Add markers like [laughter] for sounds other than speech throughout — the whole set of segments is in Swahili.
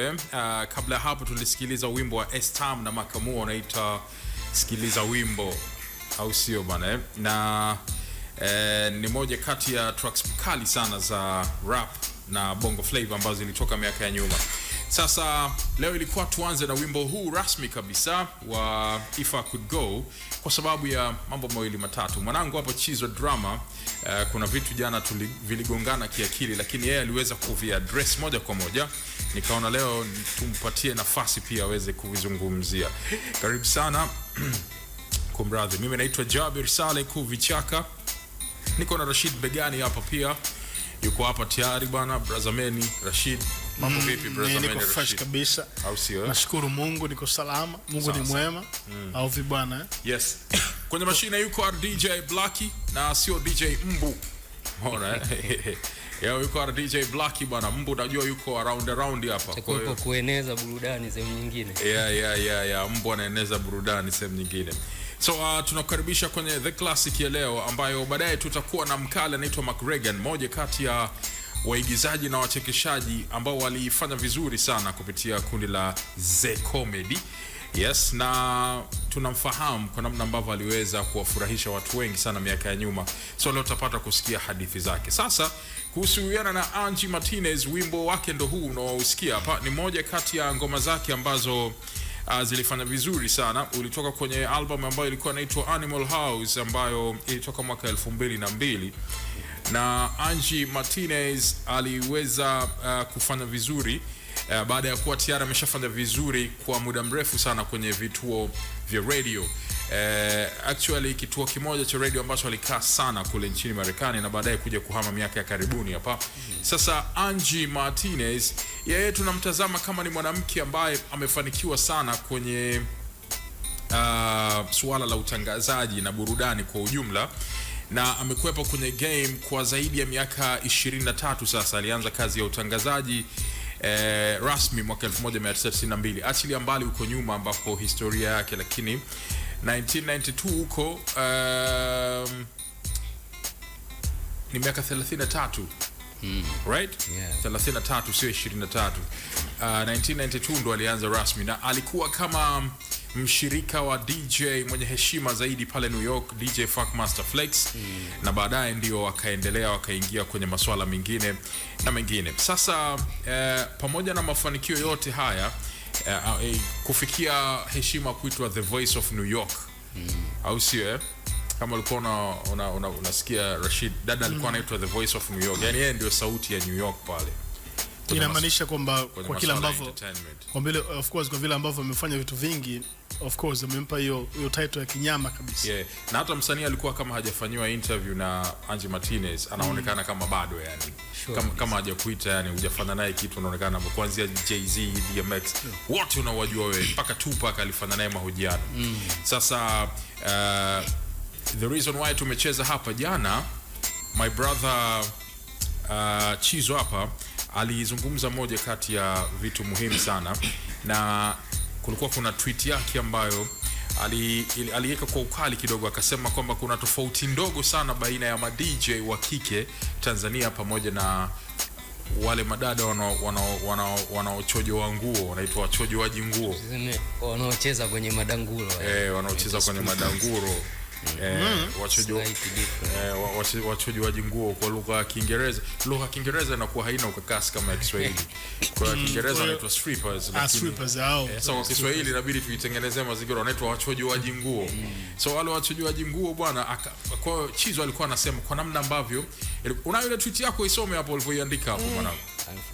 Uh, kabla ya hapo tulisikiliza wimbo wa Estam na Makamu wanaita sikiliza wimbo au sio bana eh? Na eh, ni moja kati ya tracks kali sana za rap na bongo flavor ambazo zilitoka miaka ya nyuma. Sasa leo ilikuwa tuanze na wimbo huu rasmi kabisa wa If I Could Go kwa sababu ya mambo mawili matatu. Mwanangu hapo chizo Drama, uh, kuna vitu jana tuligongana kiakili, lakini yeye aliweza kuviadres moja kwa moja, nikaona leo tumpatie nafasi pia aweze kuvizungumzia. Karibu sana [clears throat] Kumradhi, mimi naitwa Jabir Saleh vichaka niko na Rashid Begani hapa pia yuko hapa tayari bwana. Brazameni Rashid Mambo mm. vipi brother? Niko fresh kabisa. Au sio? Nashukuru Mungu niko salama. Mungu ni mwema. Mm. Au vipi bwana? Eh? Yes. [coughs] Kwenye mashine yuko DJ Blacky na sio DJ Mbu. Bora. Eh? [laughs] Yao yuko DJ Blacky bwana. Mbu unajua yuko around around hapa. Kwa hiyo kueneza burudani sehemu nyingine. Yeah, yeah, yeah, yeah. Mbu anaeneza burudani sehemu nyingine. So uh, tunakukaribisha kwenye The Classic ya leo ambayo baadaye tutakuwa na mkala anaitwa McRegan, moja kati ya waigizaji na wachekeshaji ambao walifanya vizuri sana kupitia kundi la Z Comedy. Yes, na tunamfahamu kwa namna ambavyo aliweza kuwafurahisha watu wengi sana miaka ya nyuma, so leo tutapata kusikia hadithi zake. Sasa kuhusiana na Angie Martinez, wimbo wake ndo huu unaousikia hapa, ni moja kati ya ngoma zake ambazo uh, zilifanya vizuri sana. Ulitoka kwenye album ambayo ilikuwa inaitwa Animal House ambayo ilitoka mwaka elfu mbili na mbili na Angie Martinez aliweza uh, kufanya vizuri uh, baada ya kuwa tayari ameshafanya vizuri kwa muda mrefu sana kwenye vituo vya radio. Uh, actually kituo kimoja cha radio ambacho alikaa sana kule nchini Marekani na baadaye kuja kuhama miaka ya karibuni hapa. Sasa Angie Martinez yeye tunamtazama kama ni mwanamke ambaye amefanikiwa sana kwenye uh, suala la utangazaji na burudani kwa ujumla na amekuwepo kwenye game kwa zaidi ya miaka 23 sasa. Alianza kazi ya utangazaji eh, rasmi mwaka 1992 achilia mbali huko nyuma ambako historia yake, lakini 1992 huko um, ni miaka 33 hmm. Right? Yeah. 33 sio 23. Uh, 1992 ndo alianza rasmi na alikuwa kama mshirika wa DJ mwenye heshima zaidi pale New York, DJ Funk Master Flex mm. na baadaye ndio wakaendelea wakaingia kwenye masuala mengine na mengine. Sasa eh, pamoja na mafanikio yote haya eh, eh, kufikia heshima kuitwa The Voice of New York mm. au sio eh? kama ulikuwa una, una, una, unasikia Rashid dada alikuwa mm. anaitwa The Voice of New York, yani yeye ndio sauti ya New York pale inamaanisha kwamba kwa kila ambavyo kwa vile of course kwa vile ambavyo amefanya vitu vingi of course amempa hiyo hiyo title ya kinyama kabisa. Yeah. Na hata msanii alikuwa kama hajafanyiwa interview na Angie Martinez anaonekana mm. kama bado yani. Sure. Kama yes. kama hajakuita yani hujafanana naye kitu unaonekana kuanzia Jay-Z, DMX yeah. wote unawajua wewe mpaka Tupac alifanana naye mahojiano. Mm. Sasa uh, the reason why tumecheza hapa jana my brother uh, Chizo hapa alizungumza moja kati ya vitu muhimu sana, na kulikuwa kuna tweet yake ambayo aliweka ali kwa ukali kidogo, akasema kwamba kuna tofauti ndogo sana baina ya madj wa kike Tanzania pamoja na wale madada wanaochojoa nguo wanaitwa wachojoaji nguo wanaocheza kwenye madanguro eh, wanaocheza kwenye madanguro Eh, mm-hmm. wachujiwaji eh, nguo kwa lugha ya Kiingereza. Lugha ya Kiingereza inakuwa haina ukakasi kama ya Kiswahili. [laughs] Kwa mm, Kiingereza wanaitwa strippers, ah, lakini eh, kwa Kiswahili inabidi tuitengenezee mazingira, wanaitwa wachujuaji nguo. Mm. So wale wachujuaji nguo bwana, kwa Chizo alikuwa anasema kwa namna ambavyo, unayo ile tweet yako isome hapo ulivyoiandika hapo mm. mwanangu.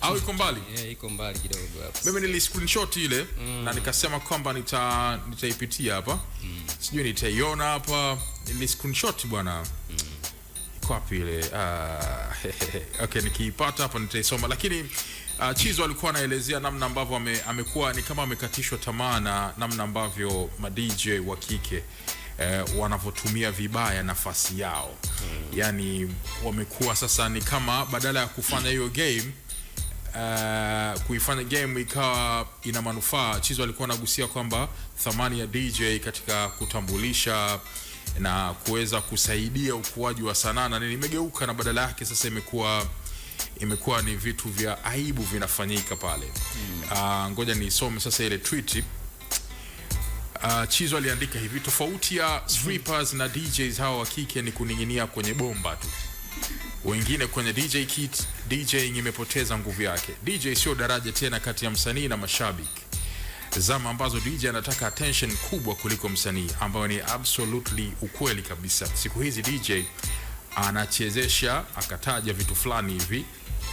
Au iko mbali? Yeah, iko mbali kidogo hapo. Mimi nili screenshot ile na nikasema kwamba nita nitaipitia hapa. Mm sijui nitaiona hapa, nili screenshot bwana mm. ile uh, [laughs] okay, nikiipata hapa nitaisoma, lakini uh, ah, Chizo alikuwa anaelezea namna ambavyo ame, amekuwa ni kama amekatishwa tamaa na namna ambavyo ma DJ wa kike eh, wanavyotumia vibaya nafasi yao hmm. Yani wamekuwa sasa ni kama badala ya kufanya hiyo game uh, kuifanya game ikawa ina manufaa. Chizo alikuwa anagusia kwamba thamani ya DJ katika kutambulisha na kuweza kusaidia ukuaji wa sanaa na nini imegeuka, na badala yake sasa imekuwa imekuwa ni vitu vya aibu vinafanyika pale. mm. Uh, ngoja nisome sasa ile tweet. Uh, Chizo aliandika hivi: tofauti ya hmm. strippers mm na DJs hawa wa kike ni kuning'inia kwenye bomba tu wengine kwenye DJ kit, dj imepoteza nguvu yake. DJ sio daraja tena kati ya msanii na mashabiki, zama ambazo DJ anataka attention kubwa kuliko msanii, ambayo ni absolutely ukweli kabisa. Siku hizi DJ anachezesha, akataja vitu fulani hivi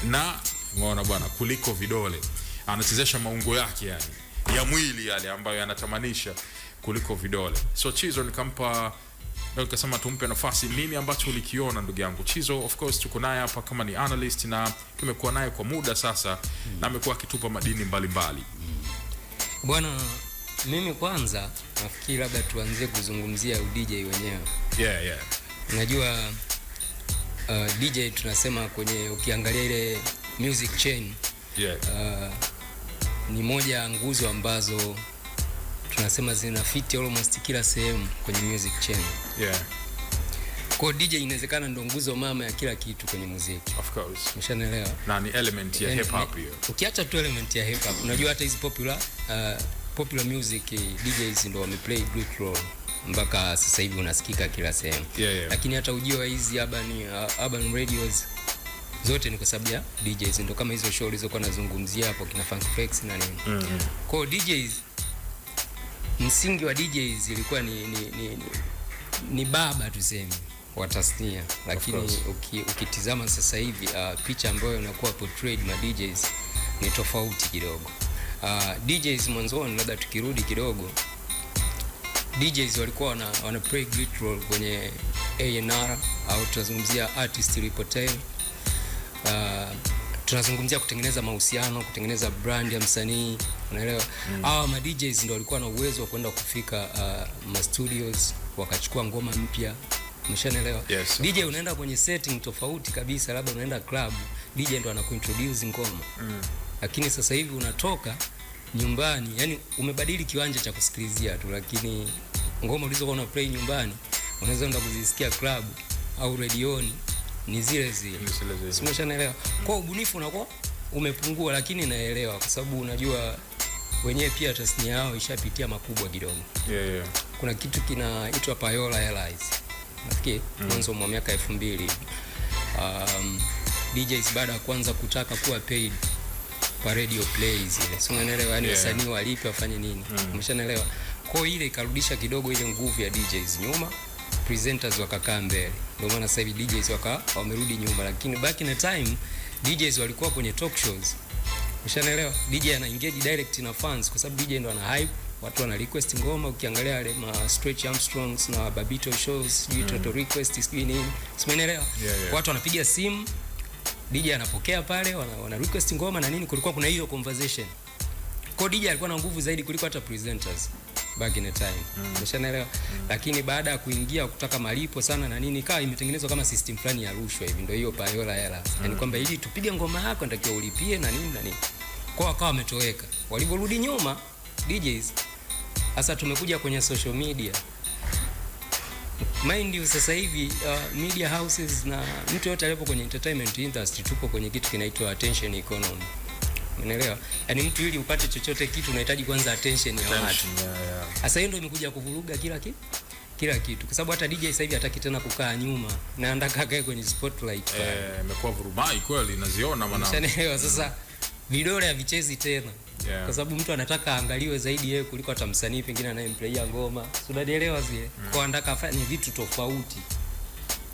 na unaona bwana, kuliko vidole anachezesha maungo yake yani ya mwili yale ambayo yanatamanisha kuliko vidole. So Chizo nikampa na ukasema tumpe nafasi. Nini ambacho ulikiona ndugu yangu Chizo? Of course tuko naye hapa kama ni analyst na tumekuwa naye kwa muda sasa, na amekuwa akitupa madini mbalimbali bwana. Mimi kwanza nafikiri labda tuanze kuzungumzia DJ wenyewe. Yeah, yeah. Unajua uh, DJ tunasema kwenye ukiangalia ile music chain yeah. Uh, ni moja ya nguzo ambazo tunasema zina fit almost kila sehemu kwenye music chain. Yeah. Kwa DJ inawezekana ndo nguzo mama ya kila kitu kwenye muziki. Of course. Umeshanielewa? Na ni element ya hip hop hiyo. Ukiacha tu element ya hip hop, unajua hata hizi popular uh, popular music eh, DJs ndo wameplay great role mpaka sasa hivi unasikika kila sehemu. Yeah, yeah. Lakini hata ujio wa hizi urban uh, urban radios zote ni kwa sababu ya DJs, ndo kama hizo show ulizokuwa nazungumzia hapo kina Funk Flex na nini. Mm. mm. Kwa DJs msingi wa DJs ilikuwa ni, ni, ni, ni, ni baba tuseme wa tasnia, lakini ukitizama sasa hivi uh, picha ambayo inakuwa portrayed ma DJs ni tofauti kidogo. Uh, DJs mwanzoni, labda tukirudi kidogo, DJs walikuwa wana, wana play great role kwenye A&R au tunazungumzia artist repertoire uh, tunazungumzia kutengeneza mahusiano, kutengeneza brand ya msanii, unaelewa? Mm. Hawa mm. ma DJs ndio walikuwa na uwezo wa kwenda kufika uh, ma studios wakachukua ngoma mpya Umeshanielewa? Yes, DJ unaenda kwenye setting tofauti kabisa, labda unaenda club, DJ ndo anakuintroduce ngoma mm. Lakini sasa hivi unatoka nyumbani, yani umebadili kiwanja cha kusikilizia tu, lakini ngoma ulizokuwa una play nyumbani unaweza enda kuzisikia club au redioni ni zile zile, simeshanaelewa. Kwa ubunifu unakuwa umepungua, lakini naelewa kwa sababu unajua wenyewe pia tasnia yao ishapitia makubwa kidogo. yeah, yeah. Kuna kitu kinaitwa Payola Airlines nafikiri mm. mwanzo mm. mwa miaka elfu mbili um, DJs baada ya kwanza kutaka kuwa paid kwa radio plays ile, si unaelewa? Yani wasanii yeah. walipe wafanye nini? mm. umeshanaelewa. Kwa hiyo ile ikarudisha kidogo ile nguvu ya DJs nyuma presenters wakakaa mbele, ndio maana sasa hivi DJs waka wamerudi nyuma, lakini back in the time DJs walikuwa kwenye talk shows. Ushanaelewa, DJ ana engage direct na fans kwa sababu DJ ndo ana hype, watu wana request ngoma. Ukiangalia wale ma Stretch Armstrongs na Babito shows, sijui mm. Toto request sijui nini, umeelewa? yeah, yeah. Watu wanapiga simu, DJ anapokea pale, wana, wana request ngoma na nini, kulikuwa kuna hiyo conversation. Kwa DJ alikuwa na nguvu zaidi kuliko hata presenters back in a time mm. Umeshaelewa mm. Lakini baada ya kuingia kutaka malipo sana na nini, kaa imetengenezwa kama system fulani ya rushwa hivi, ndio hiyo payola hela mm. Yani kwamba ili tupige ngoma yako natakiwa ulipie na nini na nini, kwa wakawa wametoweka. Walivyorudi nyuma DJs, sasa tumekuja kwenye social media Mind you sasa hivi uh, media houses na mtu yote aliyepo kwenye entertainment industry tupo kwenye kitu kinaitwa attention economy. Unaelewa? Yaani mtu ili upate chochote kitu unahitaji kwanza attention ya watu. Sasa hiyo ndio imekuja kuvuruga kila kitu kila kitu kwa sababu hata DJ sasa hivi hataki tena kukaa nyuma na anataka akae kwenye spotlight. Eh, imekuwa vurubai kweli, naziona maana. Sasa vidole havichezi tena. Yeah. Kwa sababu mtu anataka aangaliwe zaidi yeye kuliko hata msanii pengine anayemplay ngoma. Unanielewa zile? Mm. Kwa anataka afanye vitu tofauti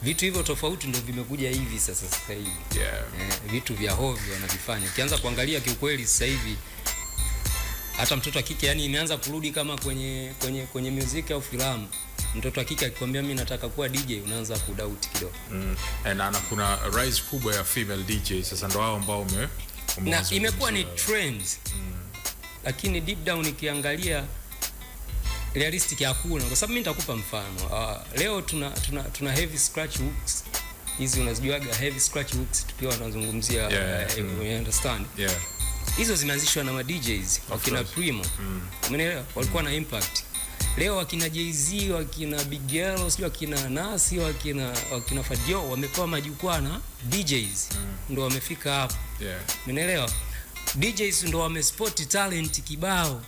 vitu hivyo tofauti ndio vimekuja hivi sasa sasa hivi yeah. Eh, vitu vya hovyo wanavifanya. Ukianza kuangalia kiukweli sasa hivi hata mtoto wa kike yani imeanza kurudi kama kwenye kwenye kwenye muziki au filamu. Mtoto wa kike akikwambia mimi nataka kuwa DJ unaanza kudoubt kidogo mm. Na, na kuna rise kubwa ya female DJ sasa ndio hao ambao ume, na imekuwa ni trend mm. Lakini deep down ikiangalia realistic hakuna, kwa sababu mimi nitakupa mfano uh, leo tuna, tuna, tuna heavy scratch hooks hizi unazijuaga heavy scratch hooks tukiwa tunazungumzia yeah, uh, mm. you understand yeah hizo zimeanzishwa na ma DJs wakina Primo mm. umeelewa, mm. walikuwa mm. na impact. Leo wakina Jay-Z wakina Big L sio wakina Nas wakina wakina Fadio wamepewa majukwaa na DJs mm. ndio wamefika hapo yeah. umeelewa DJs ndio wamespot talent kibao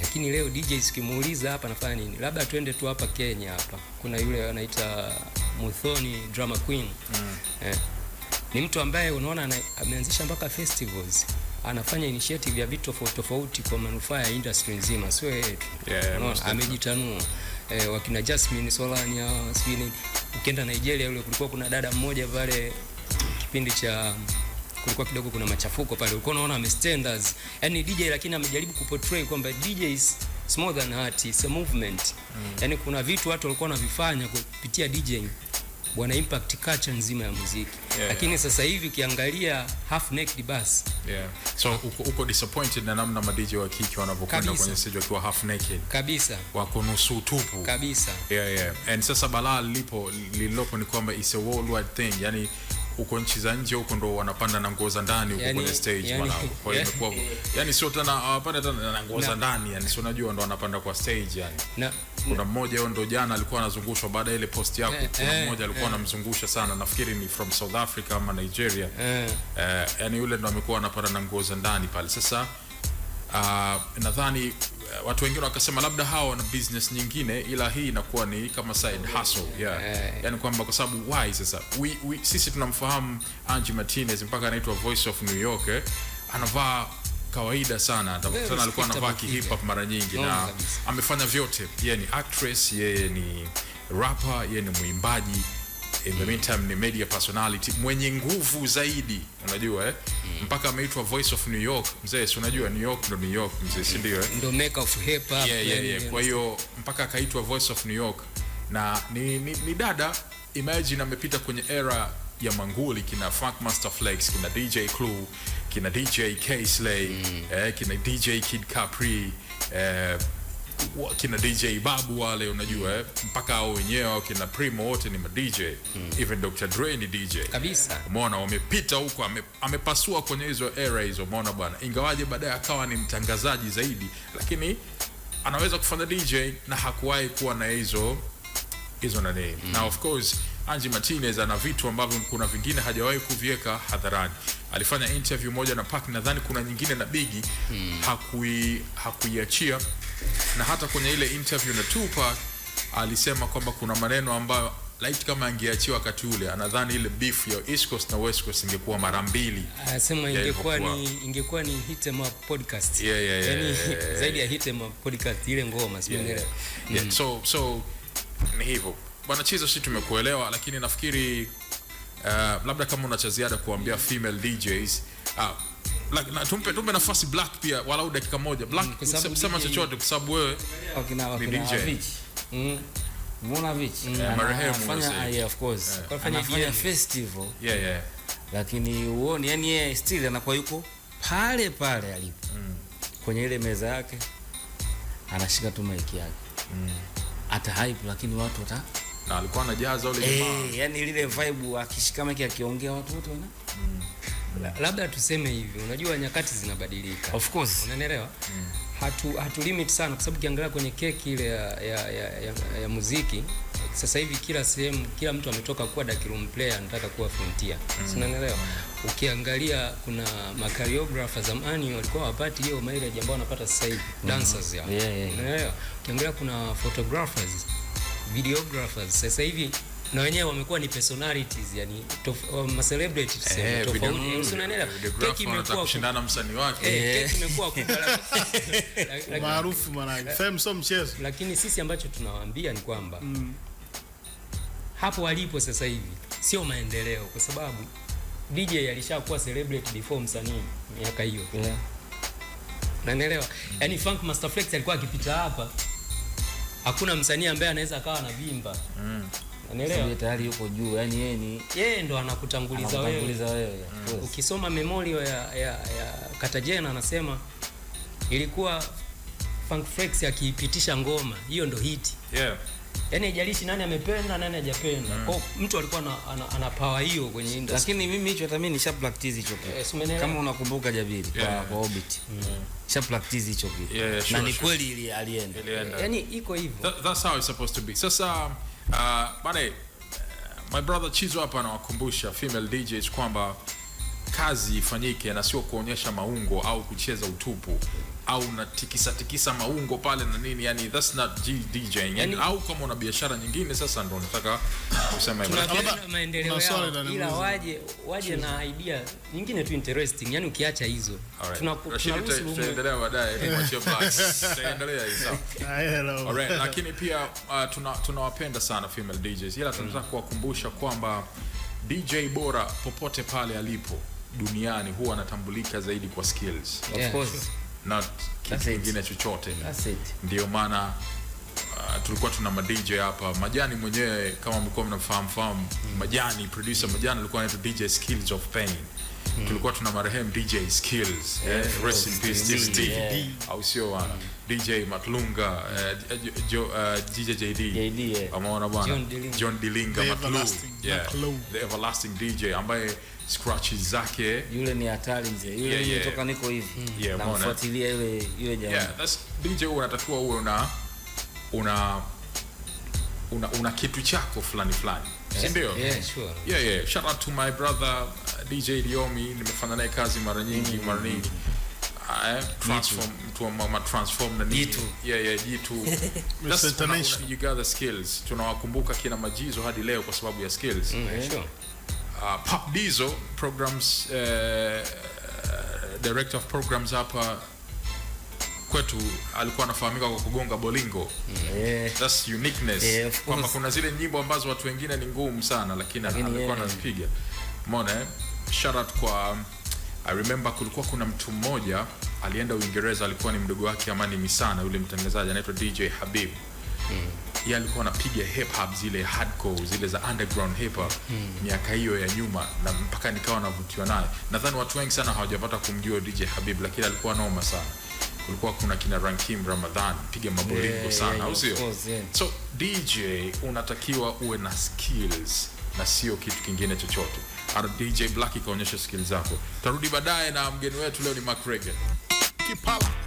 lakini leo DJ sikimuuliza hapa nafanya nini, labda tuende tu hapa Kenya hapa, kuna yule anaita Muthoni Drama Queen mm. eh. Ni mtu ambaye unaona ameanzisha mpaka festivals anafanya initiative ya vitu tofauti tofauti kwa manufaa ya industry nzima, sio yeye tu yeah, amejitanua eh, wakina Jasmine Solani au Ukienda Nigeria, yule kulikuwa kuna dada mmoja pale kipindi cha kulikuwa kidogo kuna machafuko pale, ulikuwa unaona ame standards, yani DJ lakini amejaribu kuportray kwamba DJ is more than art, it's a movement mm. Yani kuna vitu watu walikuwa wanavifanya kupitia DJing wana impact culture nzima ya muziki yeah, lakini yeah. Sasa hivi ukiangalia half naked bas yeah. So uko, uko disappointed na namna ma DJ wa kike wanavyokwenda kwenye stage wakiwa half naked kabisa, wako nusu tupu kabisa yeah, yeah. And sasa balaa lilipo lililopo ni kwamba it's a worldwide thing yani huko nchi za nje huko ndo wanapanda na nguo za ndani huko kwenye stage yani, [laughs] kwa hiyo imekuwa yani sio tena hawapanda ah, tena na nguo za ndani yani sio unajua ndo wanapanda kwa stage yani kuna mmoja huyo ndo jana alikuwa anazungushwa baada ya ile post yako eh, kuna eh, mmoja alikuwa eh. anamzungusha sana nafikiri ni from South Africa ama Nigeria eh, yani yule ndo amekuwa anapanda na nguo za ndani pale sasa uh, nadhani eh, watu wengine wakasema labda hawa wana business nyingine, ila hii inakuwa ni kama side hustle yeah. Eh. Yani kwamba kwa sababu why sasa we, we, sisi tunamfahamu Angie Martinez mpaka anaitwa Voice of New York eh, anavaa kawaida sana sana, alikuwa anavaa hip hop mara nyingi no, na amefanya vyote, yeye ni actress, yeye ni rapper, yeye ni mwimbaji in the meantime ni media personality mwenye nguvu zaidi, unajua eh? mm. Mpaka ameitwa voice of New York mzee, si unajua New York ndo New York mzee, si ndio eh? ndo make of hip hop. Yeah, yeah, yeah. Kwa hiyo mpaka akaitwa voice of New York na ni, ni, ni dada imagine amepita kwenye era ya manguli kina Funk Master Flex, kina DJ Clue, kina DJ K Slay, mm. eh, kina DJ Kid Capri eh, kina DJ Babu wale unajua eh, mpaka hao wenyewe au kina Primo wote ni ma DJ mm. Even Dr Dre ni DJ kabisa, umeona wamepita huko, ame, amepasua kwenye hizo era hizo, umeona bwana, ingawaje baadaye akawa ni mtangazaji zaidi, lakini anaweza kufanya DJ na hakuwahi kuwa na hizo hizo nani mm. Na of course Angie Martinez ana vitu ambavyo kuna vingine hajawahi kuviweka hadharani alifanya interview moja na Park, nadhani kuna nyingine na Biggie hmm. hakui hakuiachia, na hata kwenye ile interview na Tupac alisema kwamba kuna maneno ambayo light kama angeachiwa wakati ule, anadhani ile beef ya East Coast na West Coast ingekuwa mara mbili. Anasema ingekuwa ni ingekuwa ni hit em up podcast, yeah, yeah, yeah, yani yeah, yeah, [laughs] yeah. zaidi ya hit em up podcast ile ngoma sio yeah, yeah. Mm. so so ni hivyo bwana Chizo, sisi tumekuelewa, lakini nafikiri uh, labda kama una ziada kuambia female DJs uh, ah, like, na, tumpe, tumpe nafasi Black pia walau dakika moja Black mm, kusema DJ... chochote kwa sababu wewe okay, na, okay, ni DJ mm. Vich mm. yeah, marehemu yeah, of course yeah. anafanya festival yeah, yeah. Lakini uone yani yeye still anakuwa yuko pale pale alipo mm. kwenye ile meza yake anashika tu maiki yake mm. ata hype lakini watu wata na alikuwa anajaza ule eh, jamaa eh, yani ile vibe akishika mike akiongea watu wote wana mm. labda tuseme hivi, unajua nyakati zinabadilika, of course, unanielewa mm. hatu, hatu limit sana kwa sababu ukiangalia kwenye keki ile ya, ya, ya, ya, ya muziki sasa hivi kila sehemu, kila mtu ametoka kuwa room player anataka kuwa frontier mm. sinanielewa. Mm. Ukiangalia kuna makariografa zamani walikuwa wapati hiyo maile ambao wanapata sasa hivi mm-hmm. dancers mm. yeah, yeah. unanielewa, ukiangalia kuna photographers videographers sasa hivi na wenyewe wamekuwa ni personalities yani um, celebrities tuseme eh, tofauti, usinaelewa eh, keki imekuwa kushindana msanii wake eh, keki eh. imekuwa [laughs] maarufu maana fame so mchezo, lakini sisi ambacho tunawaambia ni kwamba mm, hapo walipo sasa hivi sio maendeleo, kwa sababu DJ alishakuwa celebrity before msanii miaka hiyo, yeah. Mm. Yaani Funk Master Flex alikuwa akipita hapa hakuna msanii ambaye anaweza akawa anavimba mm. Unaelewa? Tayari yuko juu, yani yeye ni yeye ndo anakutanguliza wewe. Mm. Ukisoma memorio ya, ya, ya Katajena anasema ilikuwa Funk Flex akiipitisha ngoma hiyo ndo hiti. Yeah. Yaani haijalishi nani amependa nani hajapenda. Mm. Kwa mtu alikuwa ana, ana, ana power hiyo kwenye industry. Lakini mimi hicho hata mimi nisha practice hicho. Yes, eh, kama unakumbuka Jabiri yeah. Kwa, kwa Orbit. Mm sha practice hicho kitu yeah, yeah, sure, na ni kweli sure. Ili alienda yani iko hivyo that's how it's supposed to be. Sasa uh, bana eh, my brother Chizo hapa anawakumbusha female DJs kwamba kazi ifanyike na sio kuonyesha maungo au kucheza utupu au natikisa tikisa maungo pale na nini, yani that's not DJing yani, yaani- au kama una biashara nyingine. Sasa ndo nataka kusema hivyo, maendeleo yao, ila waje waje na idea nyingine tu interesting, yani ukiacha hizo tunaendelea baadaye, [laughs] tutaendelea hizo. [laughs] Ah, Alright, lakini pia uh, tuna tunawapenda sana female DJs, ila tunataka kuwakumbusha kwamba DJ bora popote pale alipo duniani huwa anatambulika zaidi kwa skills, of course, not kitu kingine chochote. Ndio maana Ah, tulikuwa tuna madj hapa. Majani mwenyewe kama mlikuwa mnafahamu fahamu, Majani producer Majani alikuwa anaitwa DJ Skills of Pain. Mm. Tulikuwa tuna marehemu DJ Skills, yeah, eh, rest in peace Steve, au sio bwana? Hmm. DJ Matlunga, uh, jo, uh, eh, DJ JD, JD yeah. Amaona bwana John Dilinga Matlu, yeah, The everlasting DJ ambaye scratch zake yule ni hatari mzee, yule yeah, yeah. Nitoka niko hivi mm. yeah, namfuatilia ile ile jamaa yeah, that's DJ, unatakiwa uwe una una una, una kitu chako fulani fulani, si ndio? Yeah, sure. Yeah, yeah. Shout out to my brother uh, DJ diomi nimefanya naye kazi mara nyingi mm -hmm. mara nyingi I ah, eh, transform mtu wa mama transform na nini. Yeah, yeah, jitu. [laughs] That's una, you got the skills. Tunawakumbuka kina Majizo hadi leo kwa sababu ya skills. Mm, yeah. Sure. Uh, ah, Pop Dizo programs uh, director of programs hapa kwetu alikuwa anafahamika kwa kugonga bolingo. Yeah. That's uniqueness. Yeah, kwamba kuna zile nyimbo ambazo watu wengine ni ngumu sana lakini alikuwa yeah, anazipiga. Umeona eh? Shout out kwa I remember kulikuwa kuna mtu mmoja alienda Uingereza, alikuwa ni mdogo wake Amani Misana, yule mtengenezaji anaitwa DJ Habib. Mm. Yeye alikuwa anapiga hip hop zile hardcore zile za underground hip hop hmm. miaka hiyo ya nyuma, na mpaka nikawa navutiwa naye. Nadhani watu wengi sana hawajapata kumjua DJ Habib, lakini alikuwa noma sana kulikuwa kuna kina Rankim Ramadhan piga mabolingo yeah, sana yeah, au sio? Yeah. So DJ unatakiwa uwe na skills na sio kitu kingine chochote. DJ Black ikaonyesha skills zako. Tarudi baadaye na mgeni wetu leo ni Mark Kipala.